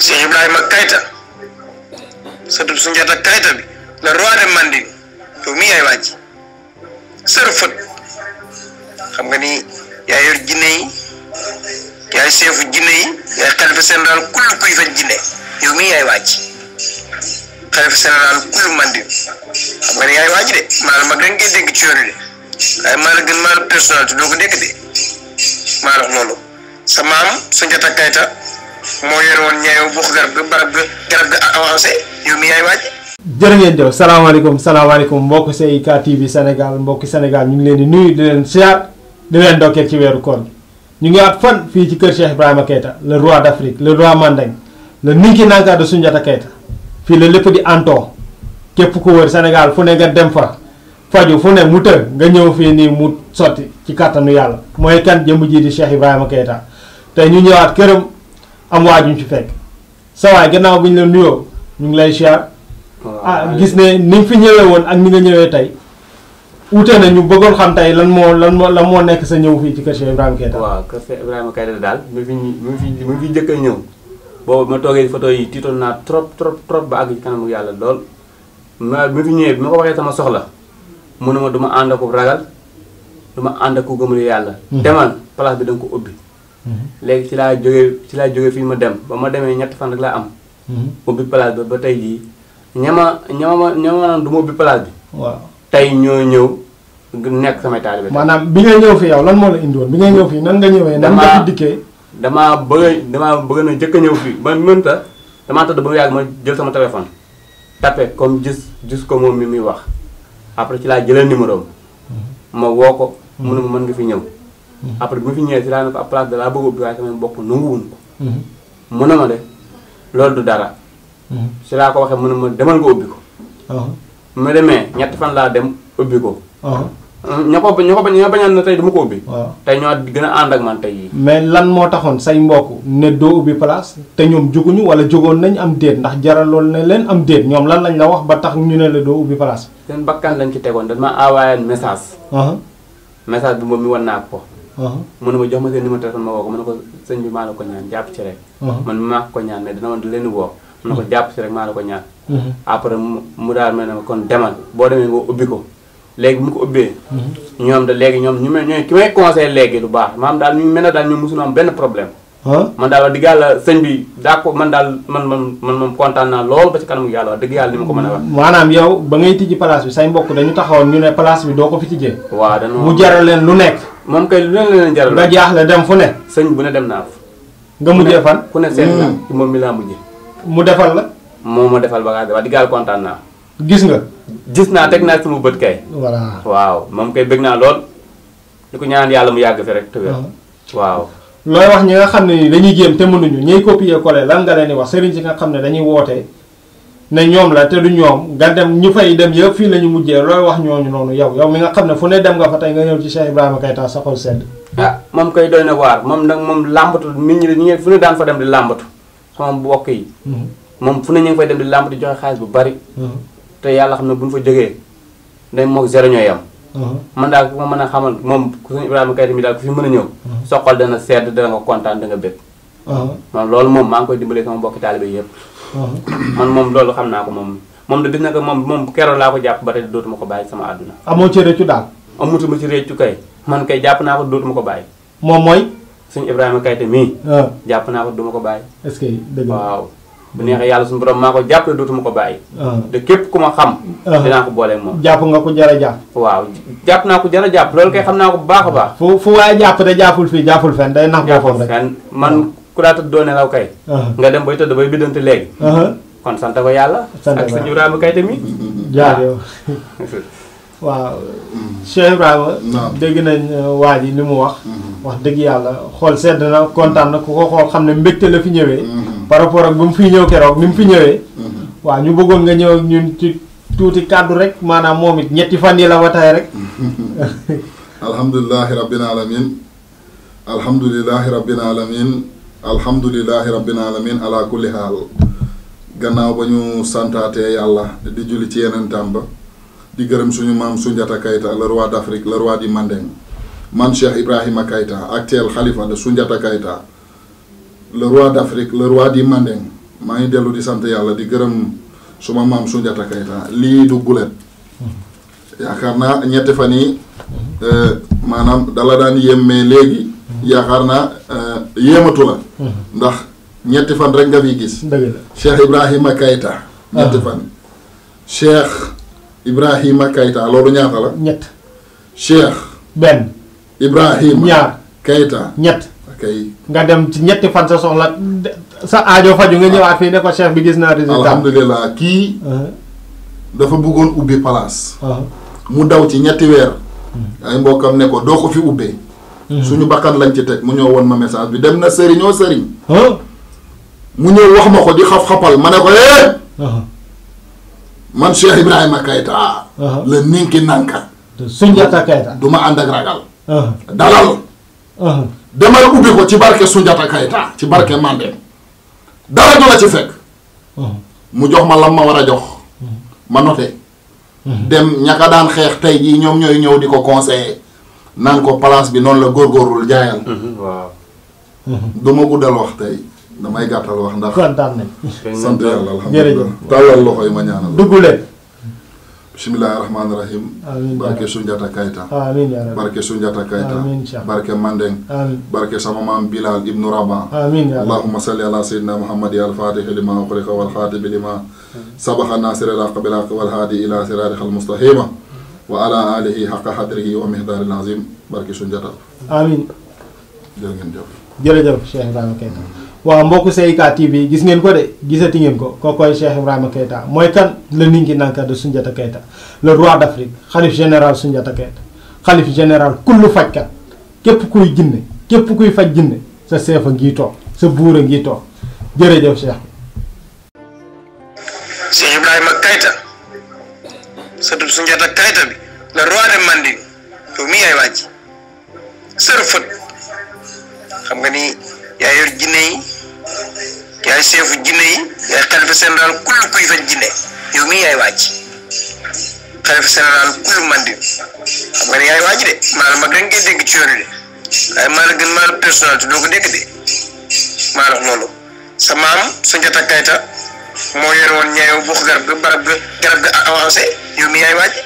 Cheikh Ibrahima Kayta sëtul Sunjata Kayta bi le roi de yow mii yaay wàcc sër fët xam nga ni yaa yor jinne yi yaay seefu jinne yi yaay xalifa général kull kuy faj jinne yow mii yaay wàcc xalifa général kull Manding xam nga ni yaay wàcc de maanaam mag dañ koy dégg ci yoon de waaye maa la gën maa la personnalité doo ko dégg de maa la loolu sa maam Sunjata Kayta moo yoroon ñeew buux garab ga barab ga garab ga avancé yow mi yaay waaji jërë ngeen jëf salaamaaleykum salaamaaleykum mbokk CIK TV Senegal, mbokk Senegal. ñu ngi leen di nuyu di leen siyaar di leen dokkee ci weeru koor ñu ngi waat fan fii ci kër Cheikh Ibrahima Keita le roi d'Afrique le roi Mandeng le ninki nanka de Sunjata Keita fii la lépp di antoo képp ku wër Sénégal fu ne nga dem fa faju fu ne mu tër nga ñëw fii nii mu sotti ci kàttanu yàlla mooy kan jëmm ji di Cheikh Ibrahima Keita tey ñu ñëwaat këram am waa juñ ci fekk sa waay gannaaw bi ñu la nuyoo ñu ngi lay siyaar ah gis ne ni fi ñëwee woon ak ni nga ñëwee tey ute na ñu bëggoon xam tey lan moo lan moo moo nekk sa ñëw fii ci kër Cheikh Ibrahima Keita. waaw kër Cheikh daal mi fi mu fi mi njëkk a ñëw boobu ma toogee photo yi tiitoon naa trop trop trop ba àgg ci kanamu yàlla lool ma mi fi ñëwee bi ma ko waxee sama soxla mu ne ma duma ànd ak ragal duma ànd ak yàlla. Hmm. demal place bi da ko ubbi. Mm-hmm. léegi ci laa jógee ci laa jógee fii ma dem ba ma demee ñetti fan rek laa am. Mm-hmm. ubbi place ba ba tey jii ñama ñama ñama naan du ma ubbi place bi. waaw tey ñoo ñëw. nekk samay bi maanaam bi ngay ñëw fii yow lan moom la indiwoon bi ngay ñëw fii nan nga ñëwee. nan nga fi dikkee damaa bëgg damaa bëgg na jëkk a ñëw fii ba mënta damaa tëdd ba mu yàgg ma jël sama téléphone. tapé comme gis gis ko moom mi muy wax après ci laa jëlee numéro mm-hmm. ma woo ko. mu ne mën nga fi ñëw. Mhm. après bu fi ñëwee si laa ne ko ab place de la bëgg ubbi waaye sama mbokk nanguwuñ ko. Mhm. mu ne ma de loolu du dara. Mhm. si laa ko waxee mu ne ma demal nga ubbi ko. Uh-huh. mu demee ñetti fan laa dem ubbi ko. Uh-huh. Mm, ña ko ña ko na tey du ma ko ubbi. te ñoo gën a ànd ak man tey yi mais lan moo taxoon say mbokk ne doo ubbi place te ñoom juguñu wala jugoon nañ am déet ndax jaral loolu ne leen am déet ñoom lan lañ la wax ba tax ñu ne la doo ubbi place. seen bakkan lañ ci tegoon dañ ma envoyé uh-huh. message. bi moom mi wan naa ko. Uh-huh. mu ne ma jox ma seen numéro téléphone ma woo ko mu ne ko sëñ bi maa la ko ñaan jàpp ci rek uh-huh. man maa ko ñaan mais dina woon mu ne ko uh-huh. la ko ñaan après daal mel ne ma ñu ki may conseillé léegi lu baax maam daal ñu mel ne daal ñoom mosuñu am benn problème man daal a dëgg yàlla sëñ bi daa ko man daal man man man moom kontaan naa lool ba ci kanamu yàlla wax dëgg yàlla ni ma ko mën a wax maanaam yow ba ngay tijji place bi say mbokk dañu taxawoon ñu ne place bi doo ko fi tijjee waaw dañu mu jaral lu nekk moom kay lu leen leen jaral nga jaaxle dem fu ne. sëñ bu ne dem naa fa. nga mujjee fan ku ne seet naa hmm. ci moom mi laa mujjee. mu defal la. moom ma defal bagage wax di gaal kontaan naa. gis nga. gis naa teg naa sama bët kay. voilà waaw moom kay bëgg naa lool. ñu ko ñaan yàlla mu yàgg fi rek. te wér hmm. waaw. looy wax ñi nga xam ne dañuy jéem te mënuñu ñuy copier coller lan nga leen di wax sëriñ si nga xam ne dañuy wootee ne ñoom la te du ñoom nga dem ñu fay dem yëpp fii la ñu mujjee looy wax ñooñu noonu yow yow mi nga xam ne fu ne dem nga fa te nga ñëw ci Cheikh Ibrahima sa xol sedd. Ah, koy doy moom nag moom làmbatu nit ñi dañuy fu ne daan fa dem di làmbatu sama yi. Mm-hmm. moom fu ne ñu ngi dem di làmbatu di bu bari. Mm-hmm. te yàlla xam ne bu fa jógee day moog zéro ñooy am. Mm-hmm. man daal ku mën a xamal moom suñu Ibrahima Keita daal ku fi mën a ñëw. soxal dana sedd dana nga kontaan danga bëgg. man loolu moom maa ngi koy dimbalee sama mbokki taalibe yëpp man moom loolu xam naa ko moom moom de bis na moom moom keroog laa ko jàpp ba tey dootuma ko bàyyi sama àdduna. amoo ci réccu daal. amutuma kay man kay jàpp naa ko dootuma ko bàyyi. moom mooy. suñu Ibrahima Kayte mii. Ah. jàpp naa ko duma ko bàyyi. est-ce que dëgg waaw. bu neexee yàlla suñu borom maa ko jàpp dootuma ko bàyyi. Ah. képp ku ma xam. Ah. dinaa ko booleeg moom. jàpp nga ko jar a jàpp. waaw jàpp naa ko jar a jàpp loolu kay xam naa ko bu baax a baax. fu fu waaye jàpp te jàppul fii jàppul fenn day nax boppam man ku daa tëdd doo nelaw kay. nga dem bay tëdd bay biddanti léegi. kon sant ko yàlla. sant ak suñu ah. Ibrahima kay dégg nañ euh, waa ji li mu wax. Mhm. wax dëgg yàlla xool sedd na kontaan na ku ko xool xam ne mbégte la fi ñëwee. Mhm. par rapport ak bi mu fi ñëw keroog ni mu fi ñëwee. Mhm. waaw ñu bëggoon nga ñëw ak ñun ci tuuti kàddu rek maanaam moom it ñetti fan yi la wataay rek. alhamdulilahi rabbil alamin alhamdulillahi rabbil alamin ala kulli hal gannaaw bañu ñu yalla Allah di julli ci yenen tamba di gërëm suñu suñu sunjata kayta le roi d'afrique le roi di mandeng man cheikh ibrahima kayta actuel khalifa de sunjata kayta le roi d'afrique le roi di mandeng ma ngi delu di sante yalla di gërëm suma suñu sunjata kayta li du gulet ya naa ñetti mana manam eh, maanaam dala daan yemmee léegi euh Iya la hmm. ndax ñetti fan rek nga fi gis cheikh ibrahima kayta ñetti ah. fan cheikh ibrahima kayta lolu ñaata la ñet cheikh ben ibrahima ñaar kayta ñet kay nga dem ci ñetti fan sa soxla sa aajo faju nga ah. ñëwaat fi ne ko cheikh bi gis na résultat alhamdullilah ki ah. dafa bëggoon ubbi place mu daw ci ñetti weer hmm. ay mbokam ne ko doo fi ubbee Mm-hmm. suñu bakkan lañ ci teg mu ñëw woon ma message bi dem na sëriñoo oh sëriñ mu ñëw wax ma ko di xaf-xafal ma ne ko eh! uh-huh. man Cheikh Ibrahima Keita uh-huh. la ninki nanka suñ jata Keita ànd ak ragal uh-huh. dalal demal ubbi ko ci barke Sunjata Kayta ci barke Mandem dara du la ci fekk mu jox ma lam ma war a jox ma noté dem ñaka daan xeex tey jii ñoom ñooy ñëw di ko conseiller naan ko place bi noonu la góorgóorlu jaayal. waaw. du ma guddal wax tey damay gàttal wax ndax. kontaan nañ. sant yàlla alhamdulilah tàllal loxo yi ma ñaanal. dugg leen. bismillahi rahmaani rahim. amiin barke Sunjata Kayta. amiin yaa rabbi barke Sunjata Kayta. amiin barke Mandeng. amiin barke sama maam Bilal ibnu Rabah. amiin yaa rabbi allahumma salli ala sayyidina muhammadi al-fatihi lima ughliqa wal khatimi lima sabaqa nasiril haqqi bil haqqi wal hadi ila siratikal mustaqima waa ala alihi xaqa wa mihdaaril azim barki TV gis ngeen ko de gisati ngeen ko kookoy Cheikh Ibrahima Keita mooy kan le ninki nanka de Soundiata Keita le roi d'Afrique xalif général Soundiata Keita xalif général kullu fajkat képp kuy jinne képp kuy faj jinne sa seefa ngi toog sa buur a ngi toog jërëjëf Cheikh Cheikh sëtub Sunjata ak tayta bi le roi de yow mii yaay wàcc sër fët xam nga ni yaa yor jinne yi yaay seefu jinne yi yaay xalifa général kull kuy faj jinne yow mii yaay wàcc xalifa général kull Manding xam nga ni yaay wàcc de maanaam mag dañ koy dégg ci yoon de waaye maa la gën maa la personnalité doo ko dégg de maa la loolu sa maam Sunjata ak moo yor woon ñaaw bokk garab ga barab ga garab ga avancé you mean I was?